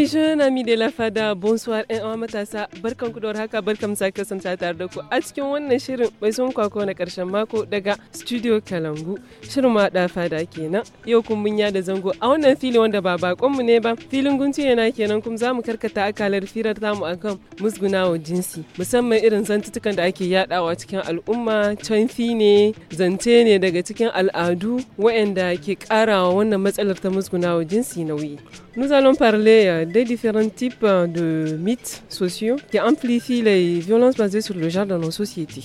Nijan Amide Lafada, bonsoir en uwa matasa, barkan ku da haka barkan sa kasanta tare da ku a cikin wannan shirin bai sun kwako na karshen mako daga Studio Kalangu. Shirin ma da fada kenan, yau kun munya da zango a wannan fili wanda ba bakon mu ne ba, filin gunci yana kenan kuma zamu karkata akalar firar tamu akan musgunawa jinsi, musamman irin zantutukan da ake yadawa cikin al'umma, canfi ne, zance ne daga cikin al'adu wa'anda ke karawa wannan matsalar ta musgunawa jinsi nauyi. Nous allons parler euh, des différents types euh, de mythes sociaux qui amplifient les violences basées sur le genre dans nos sociétés.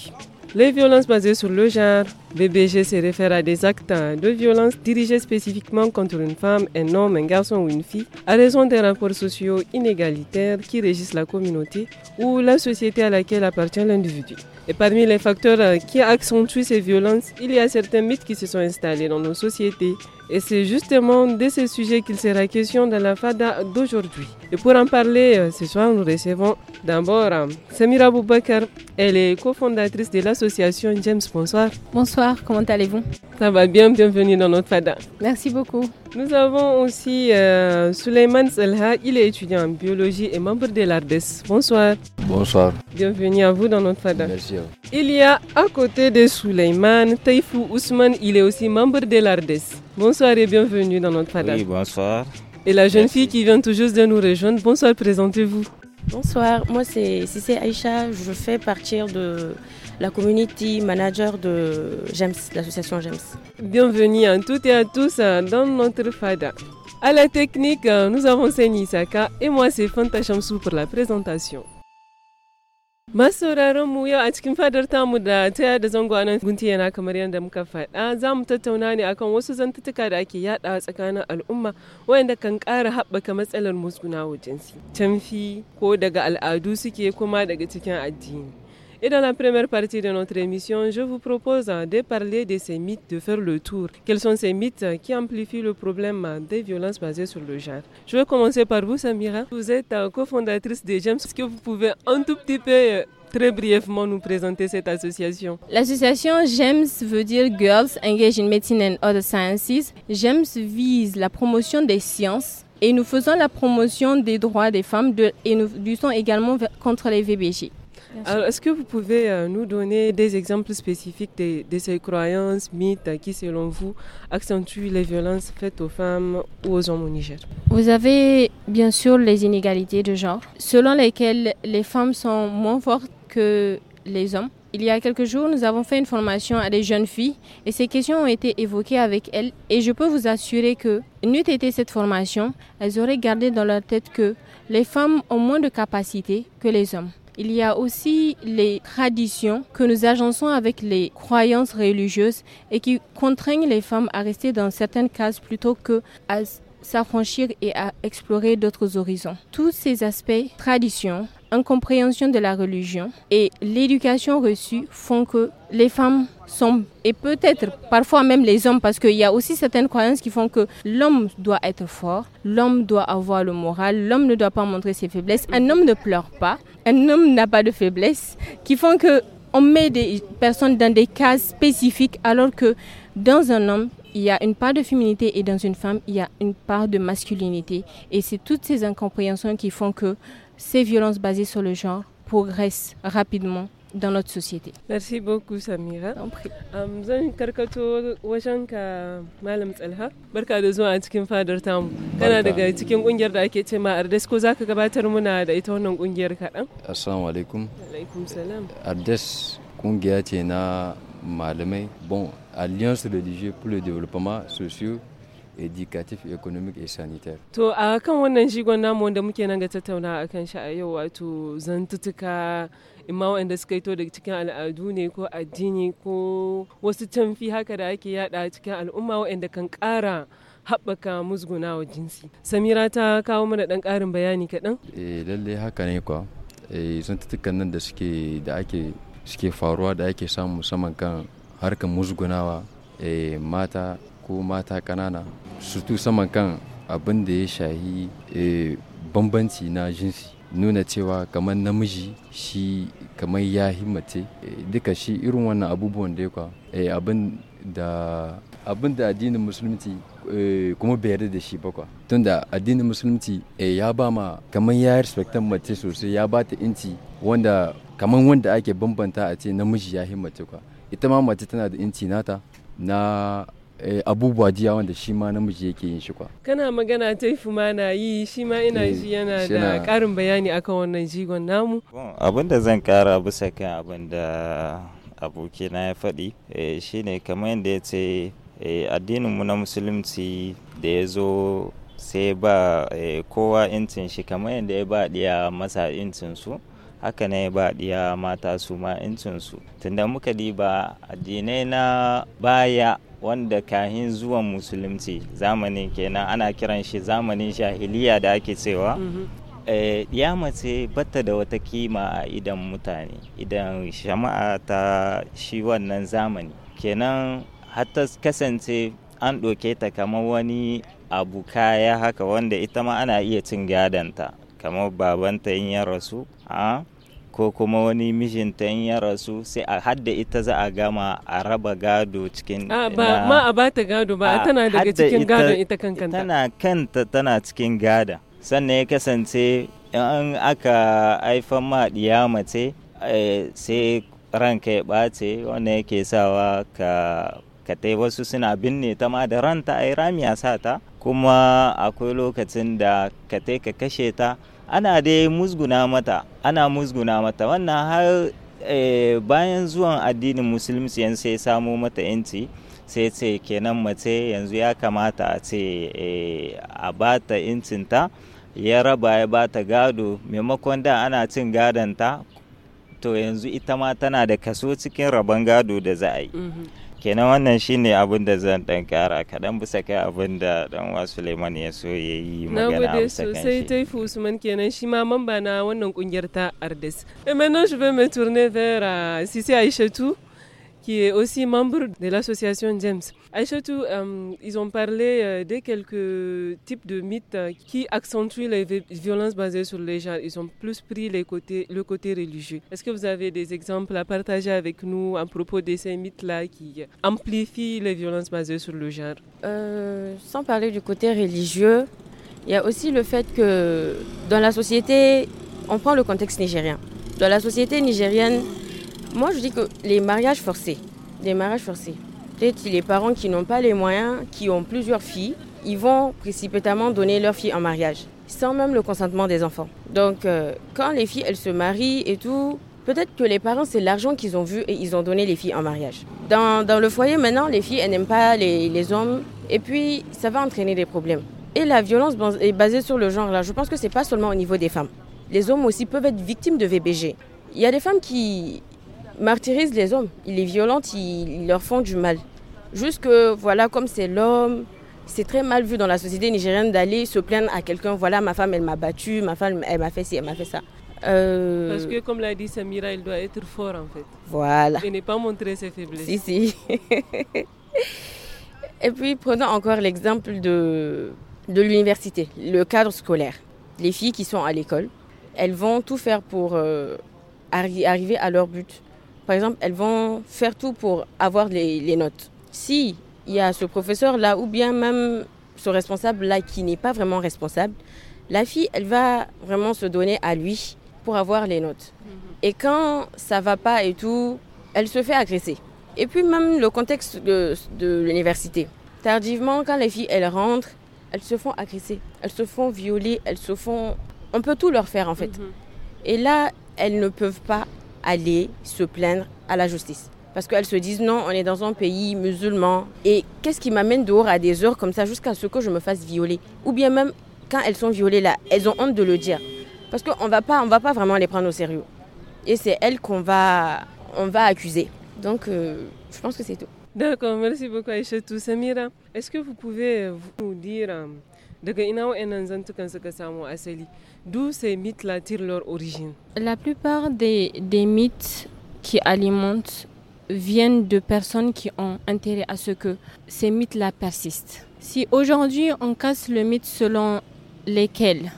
Les violences basées sur le genre, BBG se réfère à des actes euh, de violence dirigés spécifiquement contre une femme, un homme, un garçon ou une fille, à raison des rapports sociaux inégalitaires qui régissent la communauté ou la société à laquelle appartient l'individu. Et parmi les facteurs euh, qui accentuent ces violences, il y a certains mythes qui se sont installés dans nos sociétés, et c'est justement de ce sujet qu'il sera question dans la FADA d'aujourd'hui. Et pour en parler, euh, ce soir, nous recevons d'abord euh, Samira Boubakar. Elle est cofondatrice de l'association James. Bonsoir. Bonsoir, comment allez-vous Ça va bien, bienvenue dans notre FADA. Merci beaucoup. Nous avons aussi euh, Souleymane Selha. Il est étudiant en biologie et membre de l'ARDES. Bonsoir. Bonsoir. Bienvenue à vous dans notre FADA. Merci Il y a à côté de Suleiman Taifou Ousmane. Il est aussi membre de l'ARDES. Bonsoir et bienvenue dans notre fada. Oui, bonsoir. Et la jeune fille qui vient tout juste de nous rejoindre, bonsoir, présentez-vous. Bonsoir, moi c'est Cissé Aïcha, je fais partie de la community manager de GEMS, l'association GEMS. Bienvenue à toutes et à tous euh, dans notre fada. À la technique, euh, nous avons Seni Isaka et moi c'est Fanta Chamsou pour la présentation. Masauraran mu yau a cikin fadar tamu da ta da zango anan gunti yana kamar yadda muka faɗa za mu tattauna ne akan wasu zantutuka da ake yaɗawa tsakanin al'umma wayanda kan ƙara haɓaka matsalar musgunawa jinsi. Canfi ko daga al'adu suke kuma daga cikin addini. Et dans la première partie de notre émission, je vous propose de parler de ces mythes, de faire le tour. Quels sont ces mythes qui amplifient le problème des violences basées sur le genre Je vais commencer par vous, Samira. Vous êtes euh, cofondatrice de GEMS. Est-ce que vous pouvez un tout petit peu euh, très brièvement nous présenter cette association L'association GEMS veut dire Girls Engaged in Medicine and Other Sciences. GEMS vise la promotion des sciences et nous faisons la promotion des droits des femmes de, et nous luttons également contre les VBG. Alors, est-ce que vous pouvez euh, nous donner des exemples spécifiques de, ces croyances, mythes qui, selon vous, accentuent les violences faites aux femmes ou aux hommes au Niger Vous avez bien sûr les inégalités de genre, selon lesquelles les femmes sont moins fortes que les hommes. Il y a quelques jours, nous avons fait une formation à des jeunes filles et ces questions ont été évoquées avec elles. Et je peux vous assurer que, n'eût été cette formation, elles auraient gardé dans leur tête que les femmes ont moins de capacités que les hommes. Il y a aussi les traditions que nous agençons avec les croyances religieuses et qui contraignent les femmes à rester dans certaines cases plutôt que à s'affranchir et à explorer d'autres horizons. Tous ces aspects, traditions, incompréhension de la religion et l'éducation reçue font que les femmes sont, et peut-être parfois même les hommes, parce qu'il y a aussi certaines croyances qui font que l'homme doit être fort, l'homme doit avoir le moral, l'homme ne doit pas montrer ses faiblesses, un homme ne pleure pas, un homme n'a pas de faiblesse, qui font que on met des personnes dans des cases spécifiques alors que dans un homme, il y a une part de féminité et dans une femme, il y a une part de masculinité. Et c'est toutes ces incompréhensions qui font que ces violences basées sur le genre progressent rapidement dans notre société. Merci beaucoup Samira. Zan karkato wajen ka Malam Tsalha. Barka da zuwa a cikin fadar tamu. Kana daga cikin kungiyar da ake ce ma Ardes ko zaka gabatar muna da ita wannan kungiyar kaɗan? Assalamu alaikum. Alaikum salam. Ardes kungiya ce na malamai. Bon, Alliance religieuse pour le développement social educatif economic et sanitaire to a kan wannan shigon namu wanda muke nan ga tattauna akan kan shi a yau wato zantutuka imma wanda suka to daga cikin al'adu ne ko addini ko wasu canfi haka da ake yada cikin al'umma wanda kan ƙara haɓaka musgunawa jinsi samira ta kawo mana ɗan ƙarin bayani kaɗan eh lalle haka ne kwa eh zantutukan nan da suke da ake suke faruwa da ake samu saman kan harkar musgunawa eh, mata ko mata ƙanana surtu saman kan abin da ya shahi eh, bambanci na jinsi nuna cewa kamar namiji shi kamar ya himmace eh, duka shi irin wannan abubuwan da yakwa eh, abin da abin da addinin musulunci kuma bayar da shi bakwa tunda addinin musulunci ya ba ma kamar ya respectan mace sosai ya ba ta inci wanda kamar wanda ake bambanta a ce namiji ya himmace kwa ita ma mace tana da inci nata na Eh, abubuwa jiya wanda shi ma namiji yake yin shi kwa. Kana magana taifu ma na yi shi ma ina eh, ji yana da ƙarin bayani akan wannan jigon namu. Abin da zan kara bisa kan abin da abokina ya faɗi eh, shine kamar yadda ya ce addininmu na musulunci da ya zo sai ba kowa intin shi kamar yadda ya ba ɗiya masa intin su. haka ne ba ɗiya mata su ma su tunda muka diba addinai na baya wanda kahin zuwan musulunci zamani kenan ana kiran shi zamanin shahiliya da ake cewa mm-hmm. eh, ya mace bata da wata kima a idan mutane idan shama'a ta shi wannan zamani kenan hatta kasance an ɗauke ta kamar wani abu kaya haka wanda ita ma ana iya cin gadanta kamar babanta in ya rasu a ah, ko kuma wani mijinta in ya rasu sai a hadda ita za a gama a raba gado cikin a ba ma a bata gado ba a tana daga cikin gado ita kankanta tana kanta tana cikin gada sannan ya kasance in aka haifan ma diya mace eh, sai ranka ya ɓace wanda yake sawa ka ka tai wasu suna binne ta ma da ranta a rami a sata. kuma akwai lokacin da ka tai ka kashe ta ana dai musguna mata ana musguna mata wannan har eh, bayan zuwan addinin musulmi yanzu sai samo mata yanci sai ce kenan mace yanzu ya kamata a ce eh, a ta incinta ya raba ya bata gado maimakon da ana cin gadonta to yanzu ita ma tana da kaso cikin rabon gado da za a yi mm-hmm. kenan wannan shine abin da zan dan kara kaɗan bisa kai abin da dan wasu suleiman ya so ya yi magana a bisa kan shi fi usman kenan shi ma mamba na wannan kungiyar ta ardes et eh, maintenant je vais me tourner euh, Sisi qui est aussi membre de l'association James. et euh, ils ont parlé euh, de quelques types de mythes euh, qui accentuent les violences basées sur les genre. Ils ont plus pris les côtés, le côté religieux. Est-ce que vous avez des exemples à partager avec nous à propos de ces mythes-là qui euh, amplifient les violences basées sur le genre Sans parler du côté religieux, il y a aussi le fait que dans la société, on prend le contexte nigérien. Dans la société nigérienne, moi, je dis que les mariages forcés, les mariages forcés. Peut-être les parents qui n'ont pas les moyens, qui ont plusieurs filles, ils vont précipitamment donner leur filles en mariage, sans même le consentement des enfants. Donc, euh, quand les filles, elles se marient et tout, peut-être que les parents, c'est l'argent qu'ils ont vu et ils ont donné les filles en mariage. Dans, dans le foyer, maintenant, les filles, elles n'aiment pas les, les, hommes. Et puis, ça va entraîner des problèmes. Et la violence est basée sur le genre, là. Je pense que c'est pas seulement au niveau des femmes. Les hommes aussi peuvent être victimes de VBG. Il y a des femmes qui, martyrise les hommes. Il est violent, il, leur font du mal. Juste que, voilà, comme c'est l'homme, c'est très mal vu dans la société nigérienne d'aller se plaindre à quelqu'un, voilà, ma femme, elle m'a battu, ma femme, elle m'a fait ci, elle m'a fait ça. Euh, Parce que, comme l'a dit Samira, elle doit être fort en fait. Voilà. Et ne pas montrer ses faiblesses. Si, si. Et puis, prenons encore l'exemple de, de l'université, le cadre scolaire. Les filles qui sont à l'école, elles vont tout faire pour euh, arriver à leur but. Par exemple, elles vont faire tout pour avoir les, notes. Si il y a ce professeur-là ou bien même ce responsable-là qui n'est pas vraiment responsable, la fille, elle va vraiment se donner à lui pour avoir les notes. Et quand ça va pas et tout, elle se fait agresser. Et puis même le contexte de, l'université. Tardivement, quand les filles, elles rentrent, elles se font agresser, elles se font violer, elles se font... On peut tout leur faire en fait. Mhm. Et là, elles ne peuvent pas aller se plaindre à la justice. Parce qu'elles se disent non, on est dans un pays musulman. Et qu'est-ce qui m'amène dehors à des heures comme ça jusqu'à ce que je me fasse violer Ou bien même quand elles sont violées là, elles ont honte de le dire. Parce qu'on ne va pas vraiment les prendre au sérieux. Et c'est elles qu'on va, on va accuser. Donc euh, je pense que c'est tout. D'accord, merci beaucoup Aïcha Samira, est-ce que vous pouvez nous dire euh, d'où ces mythes là tirent leur origine la plupart des, des mythes qui alimentent viennent de personnes qui ont intérêt à ce que ces mythes là persistent si aujourd'hui on casse le mythe selon lesquels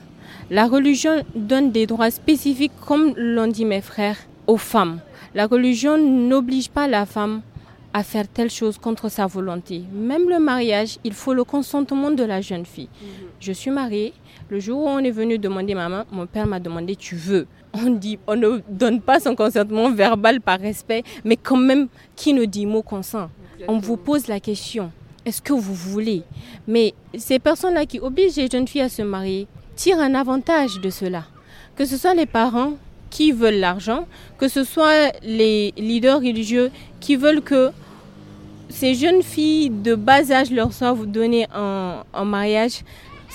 la religion donne des droits spécifiques comme l'ont dit mes frères aux femmes la religion n'oblige pas la femme à faire telle chose contre sa volonté. Même le mariage, il faut le consentement de la jeune fille. Mhm. Je suis mariée. Le jour où on est venu demander maman, mon père m'a demandé tu veux. On dit, on ne donne pas son consentement verbal par respect, mais quand même, qui ne dit mot consent On vous pose la question. Est-ce que vous voulez Mais ces personnes-là qui obligent les jeunes filles à se marier tirent un avantage de cela. Que ce soit les parents veulent l'argent, que ce soit les leaders religieux qui veulent que ces jeunes filles de bas âge leur soient données en, mariage,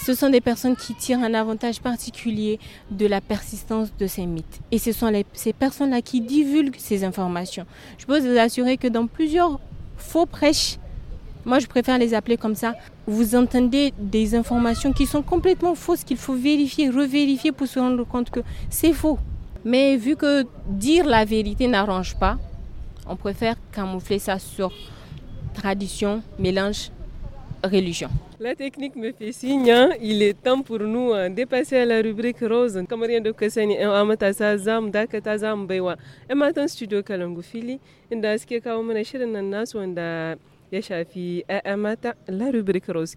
ce sont des personnes qui tirent un avantage particulier de la persistance de ces mythes. Et ce sont ces personnes-là qui divulguent ces informations. Je peux vous assurer que dans plusieurs faux prêches, moi je préfère les appeler comme ça, vous entendez des informations qui sont complètement fausses, qu'il faut vérifier, revérifier pour se rendre compte que c'est faux. Mais vu que dire la vérité n'arrange pas, on préfère camoufler ça sur tradition, mélange, religion. La technique me fait signe, hein. il est temps pour nous hein, de passer à la rubrique rose. de studio eh, eh, la rubrique rose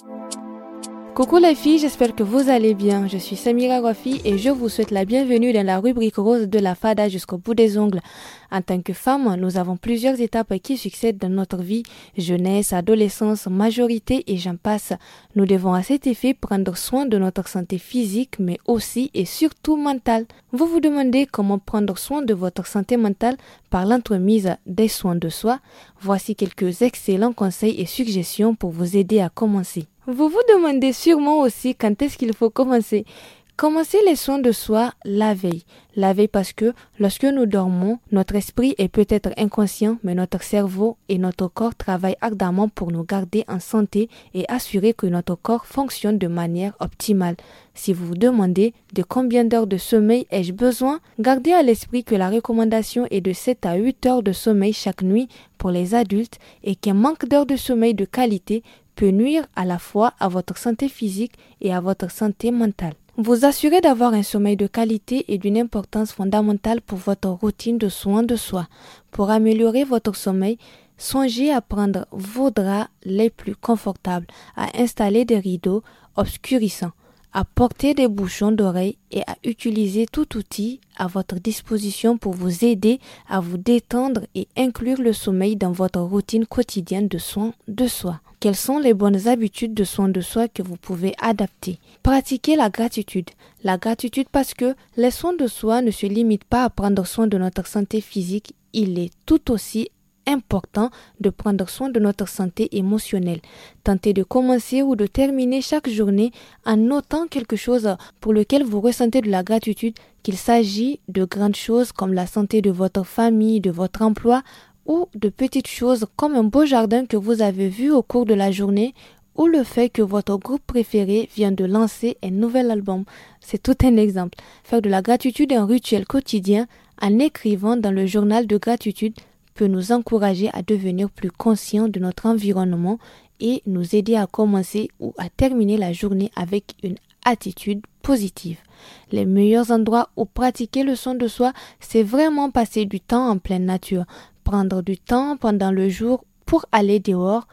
Thank you. Coucou les filles, j'espère que vous allez bien. Je suis Samira Rafi et je vous souhaite la bienvenue dans la rubrique rose de la Fada jusqu'au bout des ongles. En tant que femme, nous avons plusieurs étapes qui succèdent dans notre vie, jeunesse, adolescence, majorité et j'en passe. Nous devons à cet effet prendre soin de notre santé physique mais aussi et surtout mentale. Vous vous demandez comment prendre soin de votre santé mentale par l'entremise des soins de soi. Voici quelques excellents conseils et suggestions pour vous aider à commencer. Vous vous demandez sûrement aussi quand est-ce qu'il faut commencer. Commencez les soins de soi la veille. La veille parce que lorsque nous dormons, notre esprit est peut-être inconscient, mais notre cerveau et notre corps travaillent ardemment pour nous garder en santé et assurer que notre corps fonctionne de manière optimale. Si vous vous demandez de combien d'heures de sommeil ai-je besoin, gardez à l'esprit que la recommandation est de 7 à 8 heures de sommeil chaque nuit pour les adultes et qu'un manque d'heures de sommeil de qualité peut nuire à la fois à votre santé physique et à votre santé mentale. Vous assurez d'avoir un sommeil de qualité et d'une importance fondamentale pour votre routine de soins de soi. Pour améliorer votre sommeil, songez à prendre vos draps les plus confortables, à installer des rideaux obscurissants à porter des bouchons d'oreilles et à utiliser tout outil à votre disposition pour vous aider à vous détendre et inclure le sommeil dans votre routine quotidienne de soins de soi. Quelles sont les bonnes habitudes de soins de soi que vous pouvez adapter Pratiquez la gratitude. La gratitude parce que les soins de soi ne se limitent pas à prendre soin de notre santé physique, il est tout aussi important de prendre soin de notre santé émotionnelle. Tentez de commencer ou de terminer chaque journée en notant quelque chose pour lequel vous ressentez de la gratitude, qu'il s'agit de grandes choses comme la santé de votre famille, de votre emploi ou de petites choses comme un beau jardin que vous avez vu au cours de la journée ou le fait que votre groupe préféré vient de lancer un nouvel album. C'est tout un exemple. Faire de la gratitude un rituel quotidien en écrivant dans le journal de gratitude peut nous encourager à devenir plus conscients de notre environnement et nous aider à commencer ou à terminer la journée avec une attitude positive. Les meilleurs endroits où pratiquer le son de soi, c'est vraiment passer du temps en pleine nature, prendre du temps pendant le jour pour aller dehors,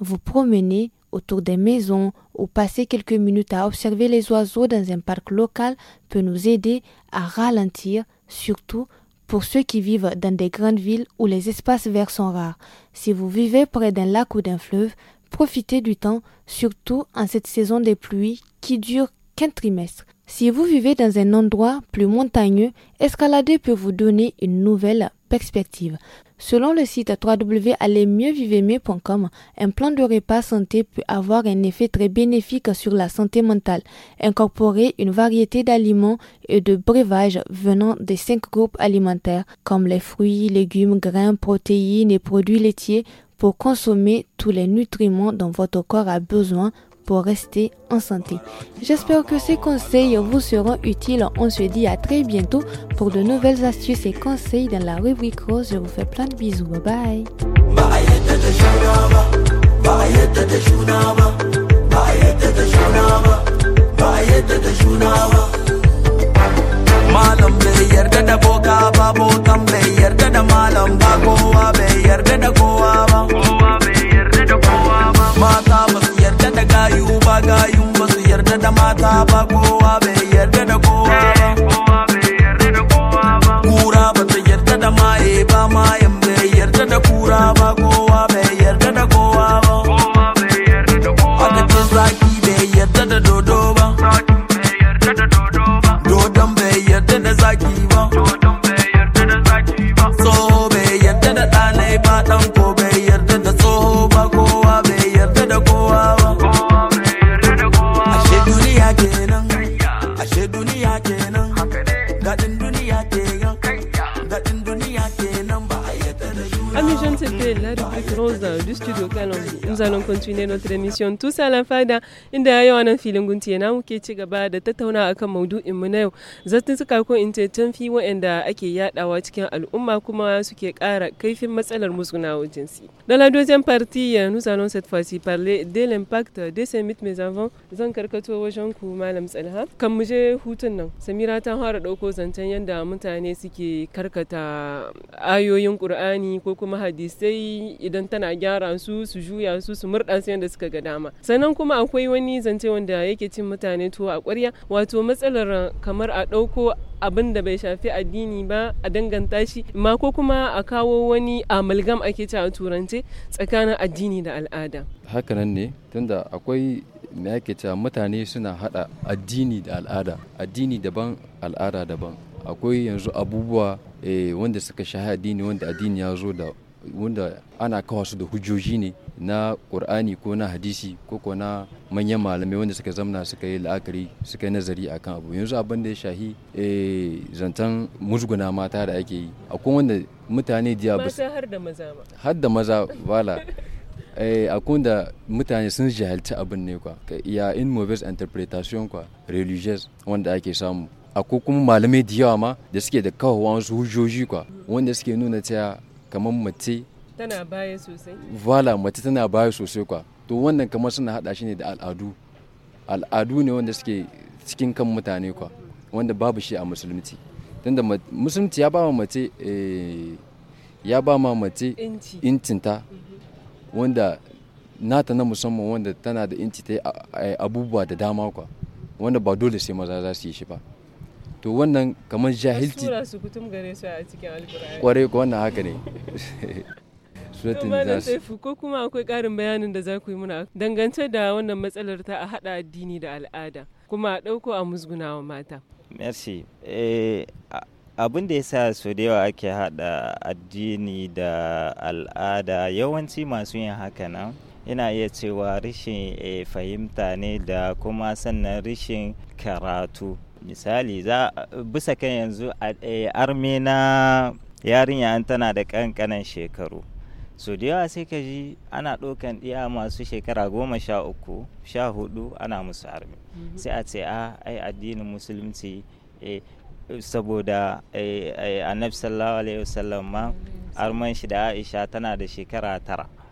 vous promener autour des maisons ou passer quelques minutes à observer les oiseaux dans un parc local peut nous aider à ralentir, surtout pour ceux qui vivent dans des grandes villes où les espaces verts sont rares. Si vous vivez près d'un lac ou d'un fleuve, profitez du temps, surtout en cette saison des pluies qui dure qu'un trimestre. Si vous vivez dans un endroit plus montagneux, escalader peut vous donner une nouvelle perspective. Selon le site www.allermieuxvivemieux.com, un plan de repas santé peut avoir un effet très bénéfique sur la santé mentale. Incorporer une variété d'aliments et de breuvages venant des cinq groupes alimentaires, comme les fruits, légumes, grains, protéines et produits laitiers, pour consommer tous les nutriments dont votre corps a besoin rester en santé. J'espère que ces conseils vous seront utiles. On se dit à très bientôt pour de nouvelles astuces et conseils dans la rubrique rose. Je vous fais plein de bisous. Bye bye. mata ba su yarda da gayu ba gayu ba su yarda da mata ba kowa bai yarda da kowa ba kura ba ta yarda da maye ba mayan bai yarda da kura ba kowa bai yarda da kowa ba haka ta zaki bai yarda da dodo ba dodon bai yarda da zaki ba tsoho bai yarda da zaki ba ɗan 他给。C'était la rubrique rose du studio Canon. Nous allons continuer notre émission tous à la fada inda yawa nan filin guntiye na muke ci gaba da tattauna akan maudu'in mu na yau. Zattuka ko in ce fi waɗanda ake yadawa cikin al'umma kuma suke kara kaifin matsalar na jinsi. Dans la deuxième partie, nous allons cette fois-ci parler de l'impact de ces mythes mais avant zan karkato wajen ku malam Tsalha. Kan mu je hutun nan, Samira ta fara ɗauko zancen yadda mutane suke karkata ayoyin Qur'ani ko kuma hadisai idan tana gyara su su juya su su murɗa su yadda suka ga dama sannan kuma akwai wani zance wanda yake cin mutane tuwo a ƙwarya wato matsalar kamar a ɗauko abin da bai shafi addini ba a danganta shi ma ko kuma a kawo wani amalgam ake ci a turance tsakanin addini da al'ada hakanan ne tunda akwai me ake cewa mutane suna hada addini da al'ada addini daban al'ada daban akwai yanzu abubuwa eh, wanda suka shahi addini wanda addini ya zo da wanda ana kawo su da hujjoji ne na ƙur'ani ko na hadisi ko ko na manyan malamai wanda suka zamna suka yi la'akari suka yi nazari a kan abu yanzu abin da ya shahi eh, zantan musguna mata da ake yi akwai wanda mutane diya ba har da maza ba har da maza bala eh, akwai da mutane sun jahilci abin ne kwa ya in movies interpretation kwa religious wanda ake samu akwai kuma malamai da yawa ma da suke da kawo wasu hujjoji kwa wanda suke nuna cewa kamar mace vala mace tana baya sosai kwa to wannan kamar suna hada shi ne da al'adu al'adu ne wanda suke cikin kan mutane kwa wanda babu shi a musulunci tunda musulunci ya ba ma mace eh, ya ba ma mace incinta mhm. wanda nata na musamman wanda tana da inci ta abubuwa da dama kwa wanda ba dole sai maza za su yi shi ba to wannan kamar jahilci sura kware ko wannan haka ne za ko kuma akwai karin bayanin da za ku yi muna dangance da wannan matsalar ta a hada addini da al'ada kuma a dauko a musgunawa mata merci eh abin da ya sa so da yawa ake hada addini da al'ada yawanci masu yin haka na ina iya cewa rashin eh, fahimta ne da kuma sannan rashin karatu misali za bisa kan yanzu a eh, na yarinya an tana da kankanan shekaru so da yawa sai ka ji ana ɗaukan ɗiya masu shekara goma sha uku sha hudu ana musu armi mhm. sai a ce a ah, ai addinin musulunci eh, saboda eh, annabi sallallahu alaihi wasallam ma arman shi da aisha tana da shekara tara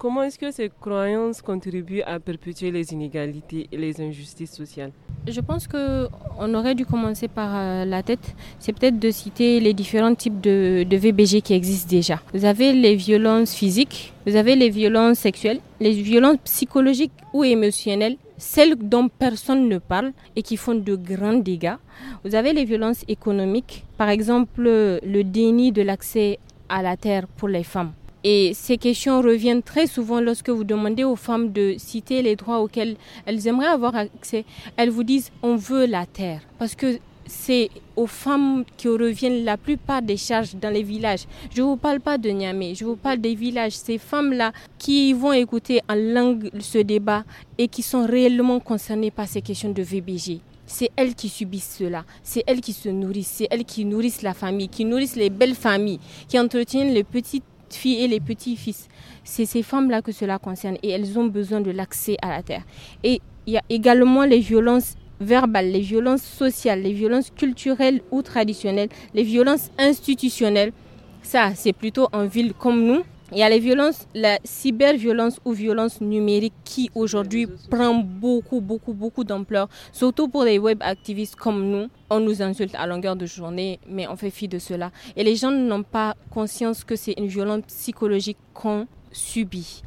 Comment est-ce que ces croyances contribuent à perpétuer les inégalités et les injustices sociales Je pense qu'on aurait dû commencer par euh, la tête. C'est peut-être de citer les différents types de, de VBG qui existent déjà. Vous avez les violences physiques, vous avez les violences sexuelles, les violences psychologiques ou émotionnelles celles dont personne ne parle et qui font de grands dégâts. Vous avez les violences économiques, par exemple le déni de l'accès à la terre pour les femmes. Et ces questions reviennent très souvent lorsque vous demandez aux femmes de citer les droits auxquels elles aimeraient avoir accès. Elles vous disent on veut la terre parce que c'est aux femmes qui reviennent la plupart des charges dans les villages. Je ne vous parle pas de Niamey, je vous parle des villages. Ces femmes-là qui vont écouter en langue ce débat et qui sont réellement concernées par ces questions de VBG c'est elles qui subissent cela, c'est elles qui se nourrissent, c'est elles qui nourrissent la famille, qui nourrissent les belles familles, qui entretiennent les petites filles et les petits fils. C'est ces femmes-là que cela concerne et elles ont besoin de l'accès à la terre. Et il y a également les violences verbales, les violences sociales, les violences culturelles ou traditionnelles, les violences institutionnelles. Ça, c'est plutôt en ville comme nous. Il y a les violences, la cyberviolence ou violence numérique qui aujourd'hui prend beaucoup, beaucoup, beaucoup d'ampleur, surtout pour les web activistes comme nous. On nous insulte à longueur de journée, mais on fait fi de cela. Et les gens n'ont pas conscience que c'est une violence psychologique qu'on subit.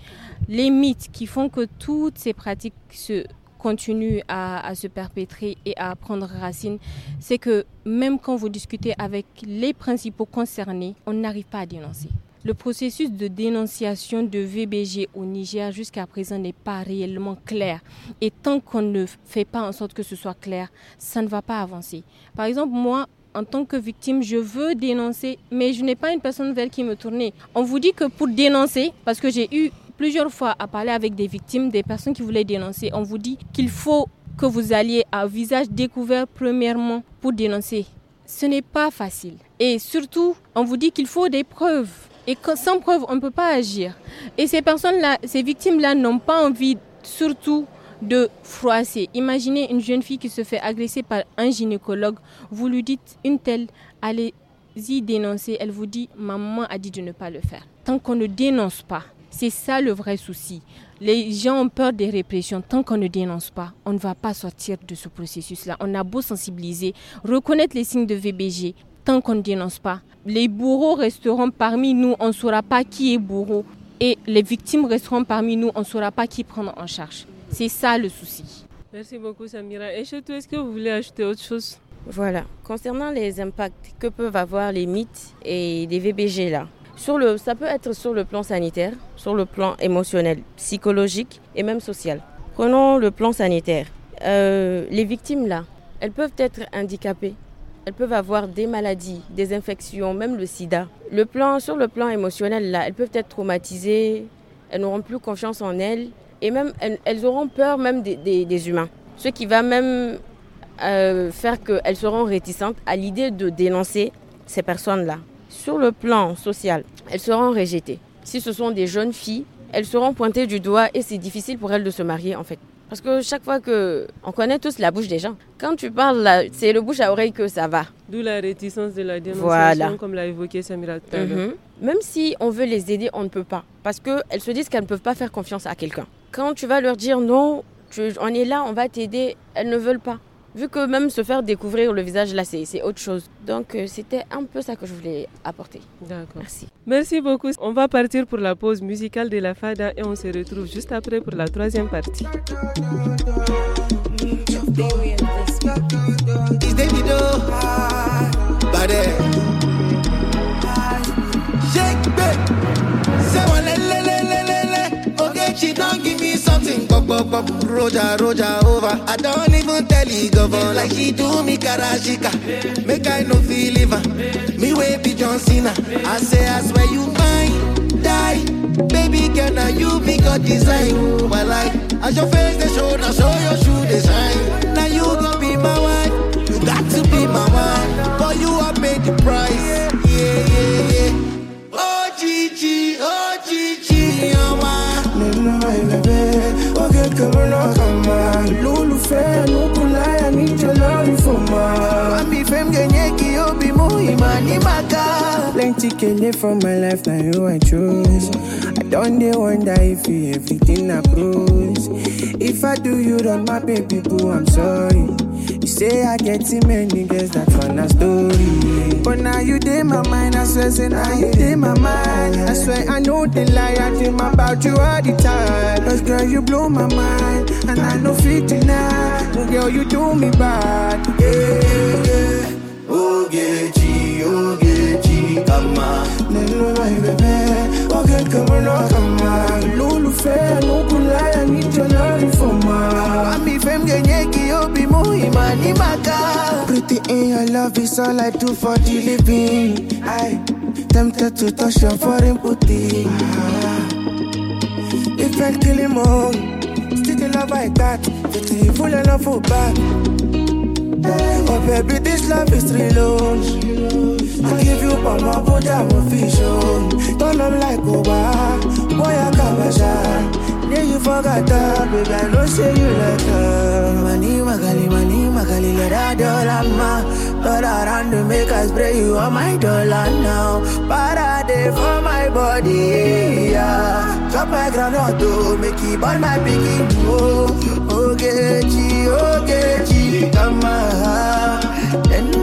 Les mythes qui font que toutes ces pratiques se continuent à se perpétrer et à prendre racine, c'est que même quand vous discutez avec les principaux concernés, on n'arrive pas à dénoncer. Le processus de dénonciation de VBG au Niger jusqu'à présent n'est pas réellement clair. Et tant qu'on ne fait pas en sorte que ce soit clair, ça ne va pas avancer. Par exemple, moi, en tant que victime, je veux dénoncer, mais je n'ai pas une personne vers qui me tourner. On vous dit que pour dénoncer, parce que j'ai eu plusieurs fois à parler avec des victimes, des personnes qui voulaient dénoncer, on vous dit qu'il faut que vous alliez à visage découvert premièrement pour dénoncer. Ce n'est pas facile. Et surtout, on vous dit qu'il faut des preuves. Et sans preuve, on ne peut pas agir. Et ces personnes-là, ces victimes-là n'ont pas envie, surtout, de froisser. Imaginez une jeune fille qui se fait agresser par un gynécologue. Vous lui dites une telle, allez-y dénoncer. Elle vous dit, maman a dit de ne pas le faire. Tant qu'on ne dénonce pas, c'est ça le vrai souci. Les gens ont peur des répressions. Tant qu'on ne dénonce pas, on ne va pas sortir de ce processus-là. On a beau sensibiliser, reconnaître les signes de VBG, tant qu'on ne dénonce pas. Les bourreaux resteront parmi nous, on ne saura pas qui est bourreau. Et les victimes resteront parmi nous, on ne saura pas qui prendre en charge. C'est ça le souci. Merci beaucoup Samira. Et surtout, est-ce que vous voulez ajouter autre chose Voilà. Concernant les impacts que peuvent avoir les mythes et les VBG là, sur le, ça peut être sur le plan sanitaire, sur le plan émotionnel, psychologique et même social. Prenons le plan sanitaire. Euh, les victimes là, elles peuvent être handicapées, elles peuvent avoir des maladies, des infections, même le sida. Le plan, sur le plan émotionnel, là, elles peuvent être traumatisées, elles n'auront plus confiance en elles, et même elles, auront peur même des, humains. Ce qui va même euh, faire qu'elles seront réticentes à l'idée de dénoncer ces personnes-là. Sur le plan social, elles seront rejetées. Si ce sont des jeunes filles, elles seront pointées du doigt et c'est difficile pour elles de se marier en fait. Parce que chaque fois que. On connaît tous la bouche des gens. Quand tu parles, c'est le bouche à oreille que ça va. D'où la réticence de la dénonciation, comme l'a évoqué Samira mhm. Même si on veut les aider, on ne peut pas. Parce qu'elles se disent qu'elles ne peuvent pas faire confiance à quelqu'un. Quand tu vas leur dire non, on est là, on va t'aider, elles ne veulent pas vu que même se faire découvrir le visage là, c'est autre chose. Donc euh, c'était un peu ça que je voulais apporter. D'accord. Merci. Merci beaucoup. On va partir pour la pause musicale de la Fada et on se retrouve juste après pour la troisième partie. nothing pop pop pop roja roja over i don't even tell you governor like he do me karashika make i no feel liver me way be john cena i say i swear you mine die baby girl now you be god design my life as your face they show now show your shoe design Tikele from my life, now you I choose. I don't they wonder if you everything I close. If I do you don't my baby boo, I'm sorry. You say I get too many girls, that run a story. But now you did my mind, I swear, say now you did my mind. I swear I know they lie, I dream about you all the time. Cause girl, you blow my mind, and I know fit tonight. girl, you do me bad. Yeah, yeah, oh yeah, G, oh yeah. Neno my bebe, oget kama no kama Lulu fea nukulaya nitonari foma Mami fem genye kiyobi muhima ni maka Pretty in your love is all I do for the living I tempted to touch your foreign booty ah. If I'm killing mom, still the love like that It's a full and love for back Oh baby this love is real I give you mama, put i a fish on. Turn up like Oba, boy, I can't wash. Then you forgot that, baby, I know say you like her. Money, magali, money, magali, let her dollar, ma. Dollar around to make us spray you are my dollar now. Parade for my body, yeah. drop my granite, oh, make it burn my bikini. oh. Oh, get you, oh, get you, come on.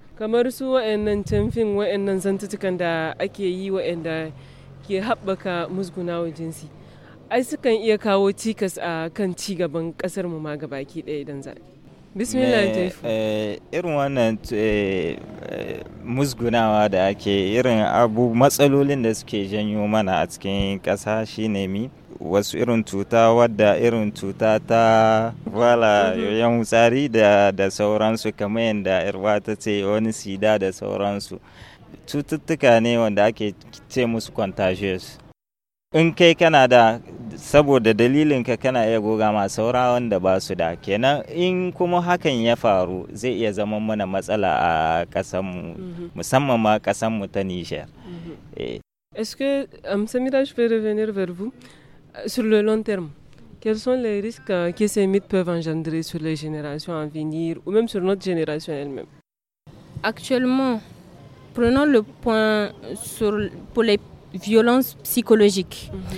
kamar su wa'annan camfin wa'annan zantutukan da ake yi wa'anda ke haɓaka musgunawa jinsi ai sukan iya kawo cikas a kan cigaban ƙasarmu ma gabaki ɗaya idan zaɓe bismillah eh, irin wannan eh, eh, musgunawa da ake irin abu matsalolin da suke janyo mana a cikin ƙasa shine mi wasu irin cuta wadda irin cuta ta wala mhm. yoyon tsari da da sauransu kamar yadda irwa ta ce wani sida da sauransu cututtuka ne wanda ake ce musu contagious in kai Est-ce que, M. Um, Samira, je vais revenir vers vous. Euh, sur le long terme, quels sont les risques euh, que ces mythes peuvent engendrer sur les générations à venir ou même sur notre génération elle-même Actuellement, prenons le point sur, pour les violences psychologiques mhm.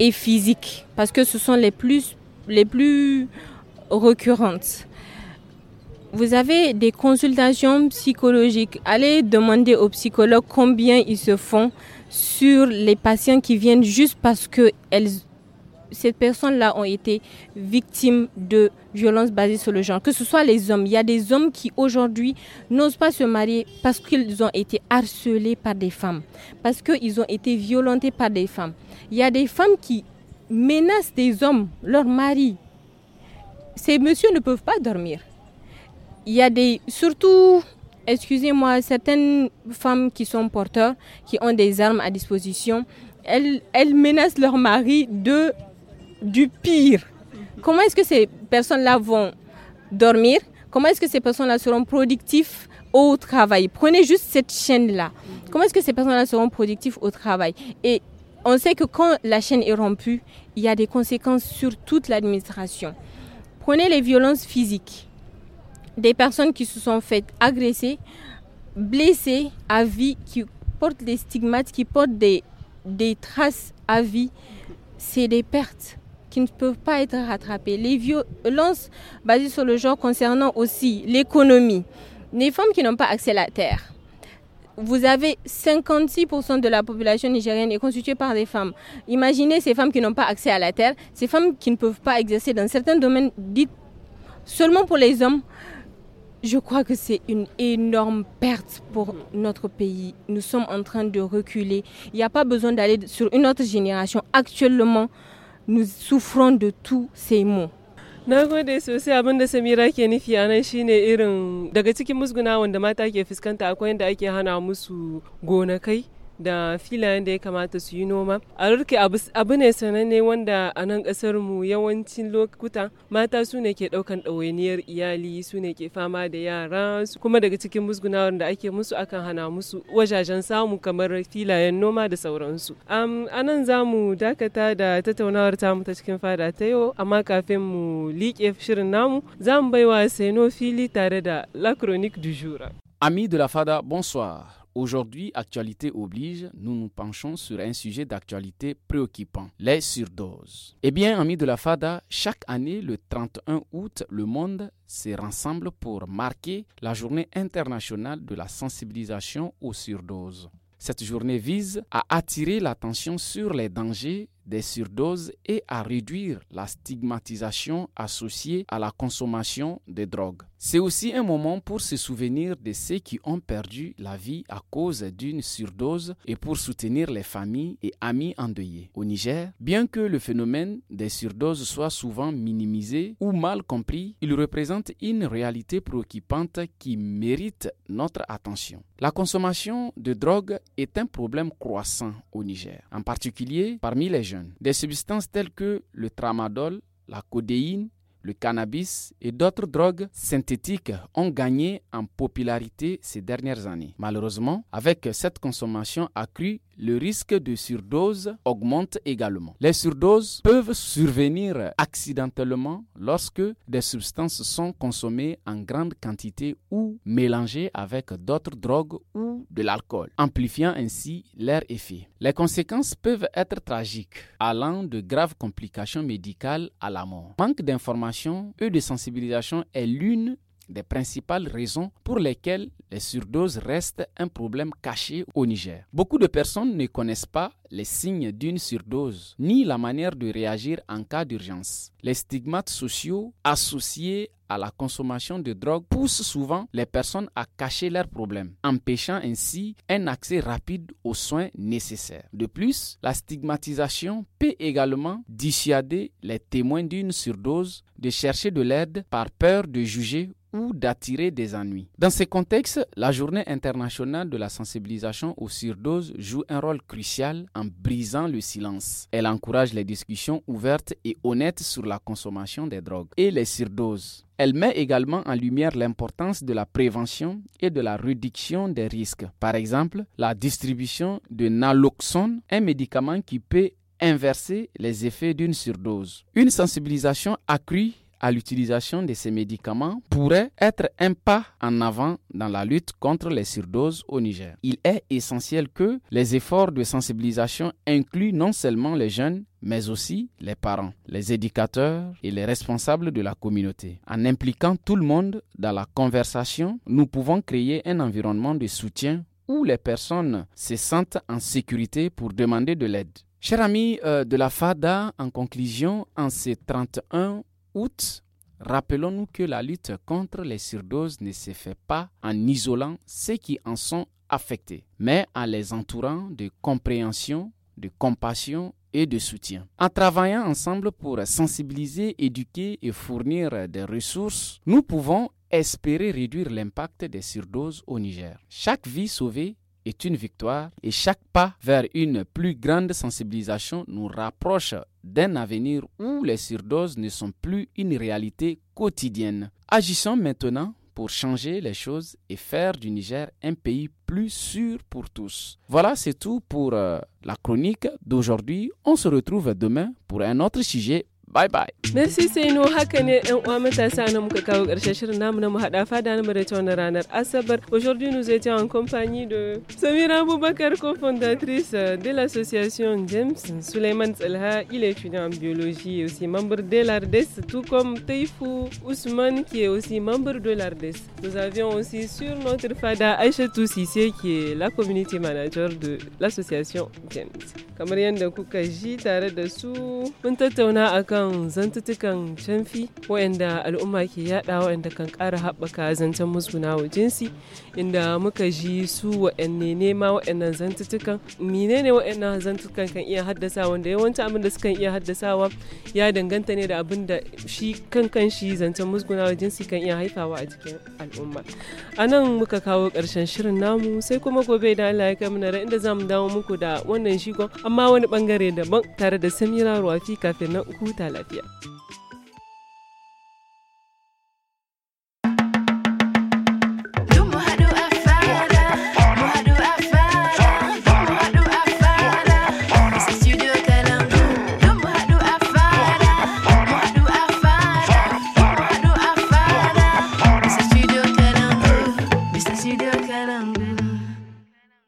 et physiques, parce que ce sont les plus, les plus récurrentes. Vous avez des consultations psychologiques. Allez demander aux psychologues combien ils se font sur les patients qui viennent juste parce qu'elles ces personnes-là ont été victimes de violences basées sur le genre, que ce soit les hommes. Il y a des hommes qui aujourd'hui n'osent pas se marier parce qu'ils ont été harcelés par des femmes, parce qu'ils ont été violentés par des femmes. Il y a des femmes qui menacent des hommes, leurs maris. Ces messieurs ne peuvent pas dormir. Il y a des, surtout excusez-moi, certaines femmes qui sont porteurs, qui ont des armes à disposition, elles, elles menacent leur mari de du pire. Comment est-ce que ces personnes-là vont dormir Comment est-ce que ces personnes-là seront productives au travail Prenez juste cette chaîne-là. Comment est-ce que ces personnes-là seront productives au travail Et on sait que quand la chaîne est rompue, il y a des conséquences sur toute l'administration. Prenez les violences physiques. Des personnes qui se sont faites agresser, blessées à vie, qui portent des stigmates, qui portent des, des traces à vie, c'est des pertes qui ne peuvent pas être rattrapées. Les violences basées sur le genre concernant aussi l'économie. Les femmes qui n'ont pas accès à la terre vous avez 56% de la population nigérienne est constituée par des femmes. Imaginez ces femmes qui n'ont pas accès à la terre, ces femmes qui ne peuvent pas exercer dans certains domaines dites seulement pour les hommes. Je crois que c'est une énorme perte pour notre pays. Nous sommes en train de reculer. Il n'y a pas besoin d'aller sur une autre génération. Actuellement, nous souffrons de tous ces maux. na gode sosai abin da samira ke nufi a nan shine irin daga cikin musguna wanda mata ke fuskanta akwai yadda ake hana musu gonakai da filayen da ya kamata su yi noma a rurke abu ne sananne wanda a nan kasar mu yawancin lokuta mata su ne ke ɗaukan ɗawainiyar iyali su ne ke fama da yara kuma daga cikin musgunawar da ake musu akan hana musu wajajen samu kamar filayen noma da sauransu a nan za mu dakata da tattaunawar tamu ta cikin fada ta yau amma kafin mu liƙe shirin namu za mu baiwa sainofili fili tare da la chronique du jour ami de la fada bonsoir Aujourd'hui, actualité oblige, nous nous penchons sur un sujet d'actualité préoccupant, les surdoses. Eh bien, amis de la FADA, chaque année, le 31 août, le monde se rassemble pour marquer la journée internationale de la sensibilisation aux surdoses. Cette journée vise à attirer l'attention sur les dangers des surdoses et à réduire la stigmatisation associée à la consommation des drogues. C'est aussi un moment pour se souvenir de ceux qui ont perdu la vie à cause d'une surdose et pour soutenir les familles et amis endeuillés. Au Niger, bien que le phénomène des surdoses soit souvent minimisé ou mal compris, il représente une réalité préoccupante qui mérite notre attention. La consommation de drogue est un problème croissant au Niger, en particulier parmi les jeunes des substances telles que le tramadol, la codéine, le cannabis et d'autres drogues synthétiques ont gagné en popularité ces dernières années. Malheureusement, avec cette consommation accrue le risque de surdose augmente également. Les surdoses peuvent survenir accidentellement lorsque des substances sont consommées en grande quantité ou mélangées avec d'autres drogues ou de l'alcool, amplifiant ainsi leur effet. Les conséquences peuvent être tragiques, allant de graves complications médicales à la mort. Manque d'information et de sensibilisation est l'une des principales raisons pour lesquelles les surdoses restent un problème caché au Niger. Beaucoup de personnes ne connaissent pas les signes d'une surdose ni la manière de réagir en cas d'urgence. Les stigmates sociaux associés à la consommation de drogue poussent souvent les personnes à cacher leurs problèmes, empêchant ainsi un accès rapide aux soins nécessaires. De plus, la stigmatisation peut également dissuader les témoins d'une surdose de chercher de l'aide par peur de juger ou d'attirer des ennuis. Dans ce contexte, la Journée internationale de la sensibilisation aux surdoses joue un rôle crucial en brisant le silence. Elle encourage les discussions ouvertes et honnêtes sur la consommation des drogues et les surdoses. Elle met également en lumière l'importance de la prévention et de la réduction des risques. Par exemple, la distribution de naloxone, un médicament qui peut inverser les effets d'une surdose. Une sensibilisation accrue à l'utilisation de ces médicaments pourrait être un pas en avant dans la lutte contre les surdoses au Niger. Il est essentiel que les efforts de sensibilisation incluent non seulement les jeunes, mais aussi les parents, les éducateurs et les responsables de la communauté. En impliquant tout le monde dans la conversation, nous pouvons créer un environnement de soutien où les personnes se sentent en sécurité pour demander de l'aide. Cher ami euh, de la FADA, en conclusion, en ces 31 août, rappelons-nous que la lutte contre les surdoses ne se fait pas en isolant ceux qui en sont affectés, mais en les entourant de compréhension, de compassion et de soutien. En travaillant ensemble pour sensibiliser, éduquer et fournir des ressources, nous pouvons espérer réduire l'impact des surdoses au Niger. Chaque vie sauvée est une victoire et chaque pas vers une plus grande sensibilisation nous rapproche d'un avenir où les surdoses ne sont plus une réalité quotidienne. Agissons maintenant pour changer les choses et faire du Niger un pays plus sûr pour tous. Voilà, c'est tout pour euh, la chronique d'aujourd'hui. On se retrouve demain pour un autre sujet Bye bye. Merci c'est nous haka ne ɗan uwa matasa na muka kawo ƙarshen namu fada Aujourd'hui nous étions en compagnie de Samira Boubacar, cofondatrice de l'association James Suleiman Zelha, il est étudiant en biologie et aussi membre de l'ARDES tout comme Teifou Ousmane qui est aussi membre de l'ARDES. Nous avions aussi sur notre fada Aïcha Toussissé qui est la community manager de l'association James. kamar yadda kuka ji tare da su mun tattauna akan zantutukan canfi waɗanda al'umma ke yada waɗanda kan ƙara haɓaka zancen musgunawa jinsi inda muka ji su waɗanne ne ma waɗannan mine menene waɗannan zantutukan kan iya haddasa wanda yawanci abin da kan iya haddasawa ya danganta ne da abin da shi kankan shi zancen musgunawa jinsi kan iya haifawa a jikin al'umma a nan muka kawo ƙarshen shirin namu sai kuma gobe da Allah ya kai mu inda za mu dawo muku da wannan shigon amma wani bangare daban tare da samira ruwafi kafin nan huta lafiya.